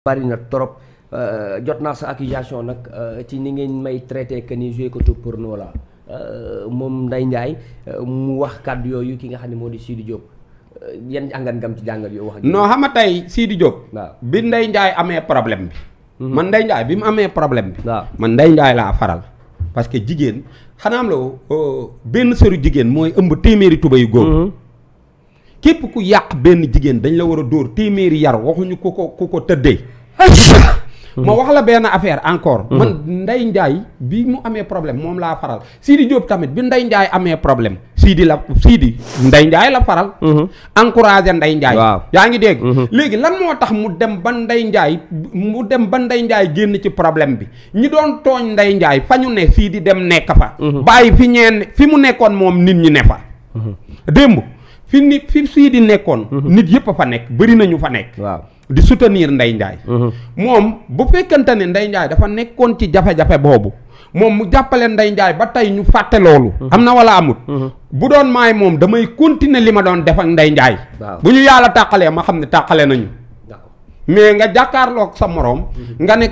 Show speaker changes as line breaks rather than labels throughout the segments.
bari na trop euh, jot naa sa accusation nag euh, ci ni ngeen may traité que ni joué ko tout pour nous la euh, moom Ndeye Ndiaye mu wax kàddu yooyu ki nga xam ne moo di Sidi Diop yan àngan gam ci jàngal yow wax. noo
xam nga tey Sidi Diop. waaw bi Ndeye Ndiaye amee problème bi. Mhm. man Ndeye Ndiaye bi mu amee problème bi. man Ndeye Ndiaye laa faral. parce que jigéen xanaa am la benn sëru jigéen mooy ëmb téeméeri tuba yu góor. Mhm. képp ku yàq benn jigéen dañu la war a dóor téeméeri yar waxuñu ku ko ku ko tëddee ma wax la benn affaire encore mm. man Ndeye Ndiaye bi mu amee problème moom laa faral Sidi Diop tamit bi Ndeye Ndiaye amee problème sii di la Sidi Ndeye Ndiaye la faral mm-hmm. encouragé Ndeye Ndiaye waaw yaa ngi dégg mm-hmm. léegi lan moo tax mu dem ba Ndeye Ndiaye mu dem ba Ndeye Ndiaye génn ci problème bi ñi doon tooñ Ndeye Ndiaye fa ñu ne di dem nekk fa mm-hmm. bàyyi fi ñeen fi mu nekkoon moom nit ñi ne fa fi ni fi sii di nekkoon. Mhm. nit yëpp a fa nekk bëri nañu fa nekk. waaw di soutenir Ndeye mhm. moom bu fekkante ne Ndeye dafa nekkoon ci jafe-jafe boobu. moom mu jàppale Ndeye ba tey ñu fàtte loolu. Mhm. am na wala amut. bu doon maay moom damay continuer li ma doon def ak Ndeye bu ñu yàlla tàqalee ma xam ne tàqale nañu. mais nga jàkkaarloog sa moroom. nga ne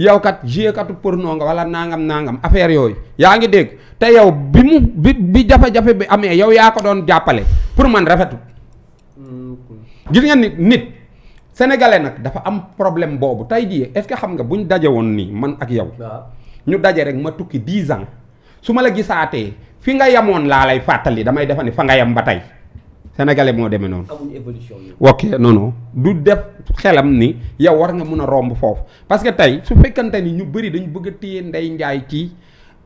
yow kat joué katu porno nga wala nangam nangam affaire yooyu yaa ngi dégg te yow bi mu bi bi jafe-jafe bi amee yow yaa ko doon jàppale pour man rafetu gis nga nit nit sénégalais nag dafa am problème boobu tey jii est-ce que xam nga bu ñu dajee woon nii man ak yow. ñu daje rek ma tukki dix ans su ma la gisaatee fi nga yamoon laa lay fàttali damay defa ne fa nga yam ba tey. sénégalais moo demee noonu. amuñu évolution ok non non du def xelam ni yow war nga mun a romb foofu parce que tey su fekkante ni ñu bëri dañu bëgg a téye ndey njaay ci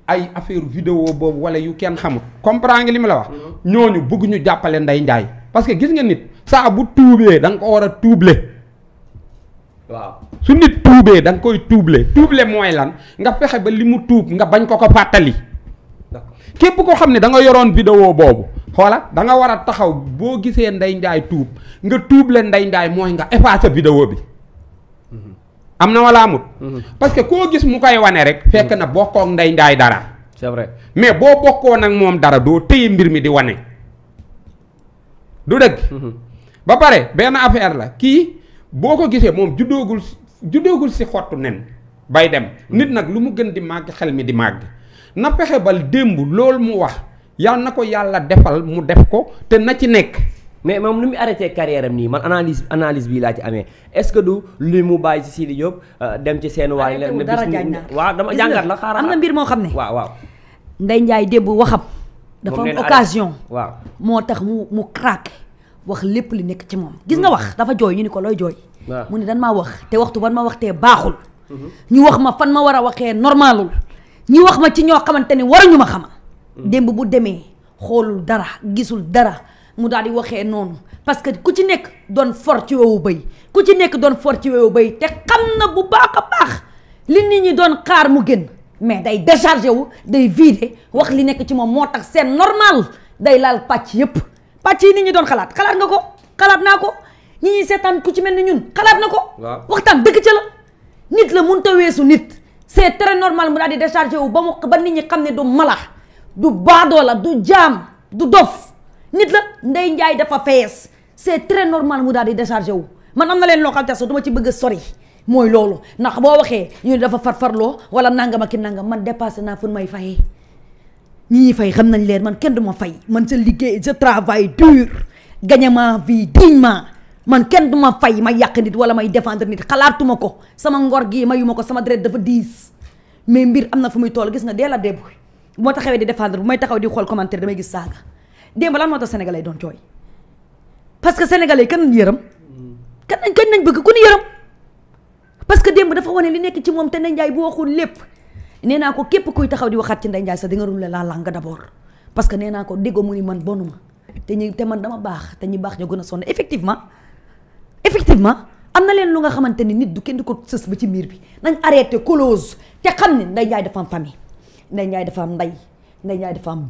ay affaire video boobu wala yu kenn xamul comprendre nga li la wax. Mm-hmm. ñooñu bëgg ñu jàppale ndey njaay parce que gis nga nit saa bu tuubee da nga ko war a tuuble. su nit tuubee da nga koy tuuble tuuble mooy lan nga fexe ba li mu tuub nga bañ ko ko fàttali. képp ko xam ne da yoroon vidéo boobu. xoola da nga war a taxaw boo gisee ndeynjaay tuub nga tuub leen Ndeye mooy nga effacer vidéo bi mhm. am na wala amut mhm. parce que koo gis mu koy wane rek fekk mhm. na bokkook Ndeye dara c'est mais boo bokkoo nag moom dara doo téye mbir mi di wane du dëgg ba pare benn affaire la kii boo ko gisee moom juddoogul juddoogul si xottu nen bay dem nit nag lu mu gën di màgg xel mi di màgg na fexe bal démb loolu mu wax yal na ko yàlla defal mu def ko te na ci nekk. mais moom lu muy arrêté carrière am nii man analyse analyse bii laa ci amee est-ce que du lii mu bàyyi
ci di Diop euh, dem ci seen. waaye leen ne bis waaw dama jàngat la xaaral am na mbir moo xam ne. waaw waaw.
Ndeye Ndiaye démb waxam. dafa am occasion. waaw moo tax mu mu craqué wax lépp li nekk ci moom. gis nga mm-hmm. wax dafa jooy ñu ni ko looy jooy. mu ne dan wax te waxtu ban ma waxtee baaxul. Mm-hmm. ñu wax ma fan ma war a waxee normalul ñu wax ma ci ñoo xamante ni Mm. démb bu demee xoolul dara gisul dara mu daal di waxee noonu parce que ku ci nekk doon for ci wewu bay ku ci nekk doon for ci wewu bay te xam na bu baax a baax li nit ñi doon xaar mu gën mais day déchargé wu day vidé wax li nekk ci moom moo tax seen normal day laal pàcc yépp pàcc yi nit ñi doon xalaat xalaat nga ko xalaat naa ko ñi ñuy seetaan ku ci mel ni ñun xalaat na ko waxtaan dëgg ca la nit la mun ta weesu nit c'est tere normal mu daal di déchargé wu ba mu ba nit ñi xam ne du mala du baadoola du jaam du dof nit la ndey Ndiaye dafa fees c'est très normal mu daal di déchargé wu man am na leen loo xam te su duma ci bëgg sori mooy loolu ndax boo waxee ñu dafa farfarloo wala nangam ak ki nangam man dépassé naa fu may fayee ñi fay xam nañ leen man kenn du ma fay man sa liggéey je travaille dur gagne ma vie dignement man kenn du ma fay ma yàq nit wala may défendre nit xalaatuma ko sama ngor gi mayu ma ko sama deret dafa diis mais mbir am na fu muy toll gis nga dee la début moo ma taxawee di défendre bu may taxaw di xool commentaire damay gis saaga démb lan moo tax sénégalais doon jooy parce que sénégalais kan lañ yërëm kan nañ kañ nañ bëgg ku ñu yërëm parce que démb dafa wane li nekk ci moom te Ndeye Ndiaye bu waxul lépp nee naa ko képp kuy taxaw di waxaat ci nday Ndiaye sax di nga rulé la langue d'abord parce que nee naa ko déggoo mu ni man bonu te ñu te man dama baax te ñu baax ñoo gën a sonn effectivement effectivement am na leen lu nga xamante ni nit du kenn di ko sës ba ci miir bi nañ arrêté close te xam ne Ndeye Ndiaye dafa Ndeye Ndiaye dafa am ndey Ndeye Ndiaye dafa am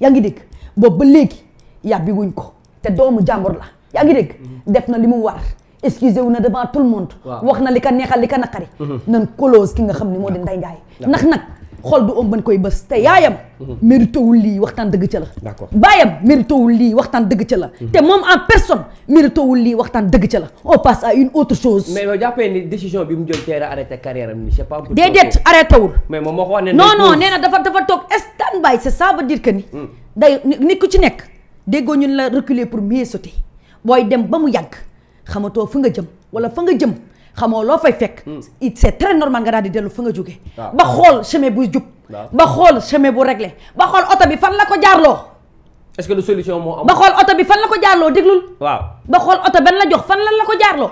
yaa ngi dégg boobu ba léegi yàbbi wuñ ko te doomu jàmbur la yaa ngi dégg mm-hmm. def na li mu war excusez wu na devant tout le monde wax na li ka neexal li ka naqari mm-hmm. nan kolose ki nga xam ne moo di Ndeye Ndiaye ndax nag xol du ëmb ban koy bës te yaayam. Mhm. mérité wul lii waxtaan dëgg ca la. d'accord baayam mérité wul lii waxtaan dëgg ca la. Mhm. te moom en personne mérité wul lii waxtaan dëgg ca la on passe à une autre chose. mais yow jàppee ni décision bi mu jël teel a arrêté carrière am ni c'est pas. déedéet arrêté moom moo ko wax ne non non nee na dafa dafa toog stand by c'est ça veut dire que ni. Mm. ku ci nekk déggoo ñun la reculer pour mieux sauter booy dem ba mu yàgg xamatoo fu nga jëm wala fa nga jëm. xamoo loo fay fekk. Hmm. c'est très normal nga daal di dellu fa nga jóge ah. ba xool chemin buy jub. ba xool chemin bu réglé. ba xool oto bi fan la ko jaarloo.
est-ce que lu solution moo am. ba xool
oto bi fan ko jaarloo déglul. waaw ba xool oto benn la jox fan lan la ko jaarloo.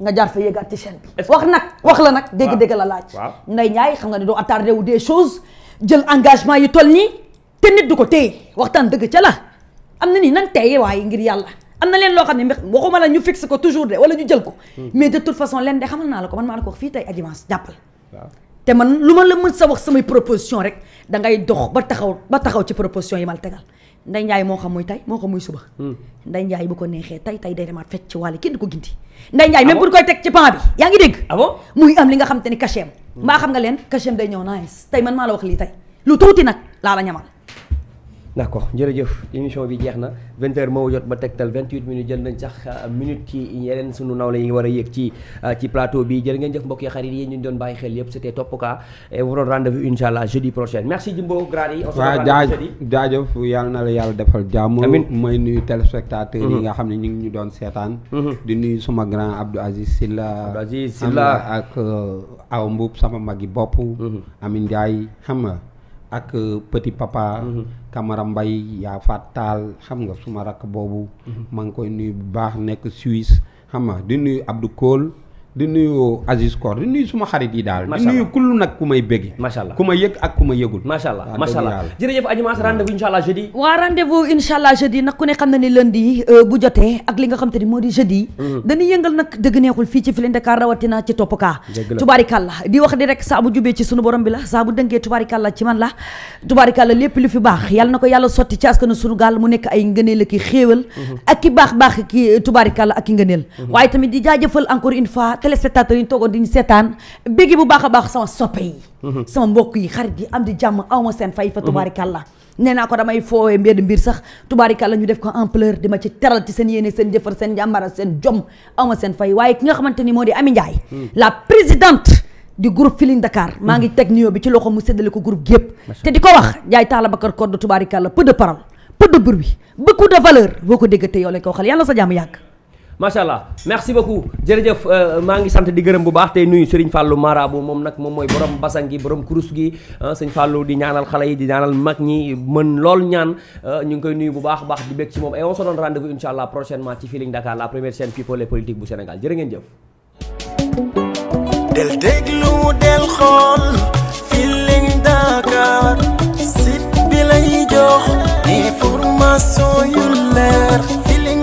nga jaar fa yéegaat ci chaîne wax nag wax la nag. dégg-dégg la laaj. waaw Ndeye Ndiaye xam nga ne doo attardé wu des chose jël engagement yi toll nii te nit du ko téye waxtaan dëgg ca la am na ni nan téye waaye ngir yàlla. am na leen loo xam ne waxuma la ñu fixe ko toujours de wala ñu jël ko hmm. mais de toute façon leen de xamal naa la ko man maa la ko wax fii tey a dimanche jàppal te man lu ma la mën sa wax samay proposition rek da ngay dox ba taxaw ba taxaw ci proposition yi mal tegal nday njaay moo xam muy tey moo xam muy suba hmm. nday njaay bu ko neexee tey tey day demaat fecc ci wàll kenn du ko ginti nday njaay ah même bu koy teg ci pan bi yaa ngi dégg ah muy am li nga xam te ni cachet am hmm. xam nga leen cachet ñëw nice tey man maa la wax lii tey lu tuuti nag laa ñamal
d'accord jërëjëf émission bi jeex na 20h moo jot ba tegtal 28 minutes jël nañ sax euh, minute ci yeneen sunu la yi nga war a yéeg ci euh, ci plateau bi jël ngeen jëf mbokk yi xarit yi ñu doon bàyyi xel yëpp c'était Top Cas et vous donne rendez-vous inshallah jeudi prochain merci Jimbo Grady. on se revoit jeudi
waaw jaajëf yàlla na la yàlla defal jàmm. amiin mooy nuyu téléspectateurs yi mhm. nga xam ne ñu ngi ñu doon seetaan. Mhm. di nuyu suma grand Abdou Aziz Silla. Abdou Aziz Silla ak euh, aw Mbuub sama mag magi bopp. Mhm. Amin Ndiaye xam nga. ak euh, petit papa. Mm-hmm. Camara Mbay yaa faat taal xam nga suma rakk boobu. Mm-hmm. maa ngi koy nuyu bu baax nekk Suisse xam nga di nuyu Abdou Kool. di nuyu Aziz Kor di nuyu suma xarit yi daal. di nuyu kullu nag ku may bëgg. macha yëg ak ku yëgul. macha allah macha allah jërëjëf Adji Mass rendez-vous
allah jeudi. nag ku ne xam na ni lundi euh, bu jotee ak li nga xam te ni moo di jeudi. Mm-hmm. dañuy yëngal nag dëgg neexul fii ci Feeling Dakar rawatina ci topp kaa. dëgg la di wax di rek saa bu ci sunu borom bi la saa bu dëngee tubaarikàlla ci man la. tubaarikàlla lépp lu fi baax yàlla na ko yàlla i xéewal. Mm-hmm. ak ki baax baax ki tubaarikàlla ak ki ngëneel mm-hmm. waaye tamit di jaajëfal téléspectateurs yi ñu toogoon di ñu seetaan béggi bu baax a baax sama soppe yi mhm. sama mbokk yi xarit yi am di jàmm aw ma seen fay fa mhm. tubaarikàlla nee naa ko damay foowee mbedd mbir sax la ñu def ko ampleur di ma ci teral ci seen yéene seen jëfar seen jàmbara seen jom aw ma seen fay waaye ki nga xamante ni moo di Ami Ndiaye mhm. la présidente di groupe Feeling Dakar maa ngi teg nuyoo bi ci loxo mu seddale ko groupe gépp te di ko wax jaay taala bakar code tubaarikàlla peu de parole peu de ko déggatee yow lañ ko waxal yàlla sa jàmm
macha allah merci beaucoup jërëjëf euh, maa ngi sant di gërëm bu baax tey nuyu Serigne fàllu Marabu moom nag moom mooy borom basang gi borom kurus gi ah, sëñ Fallou di ñaanal xale yi di ñaanal mag ñi mën lool ñaan ah, ñu ngi koy nuyu bu baax baax di bég ci moom et on se donne rendez-vous incha allah prochainement ci Feeling Dakar la première chaîne people et politique bu Sénégal jërë ngeen jëf.
del déglu del xool Feeling Dakar site lay jox information yu leer Feeling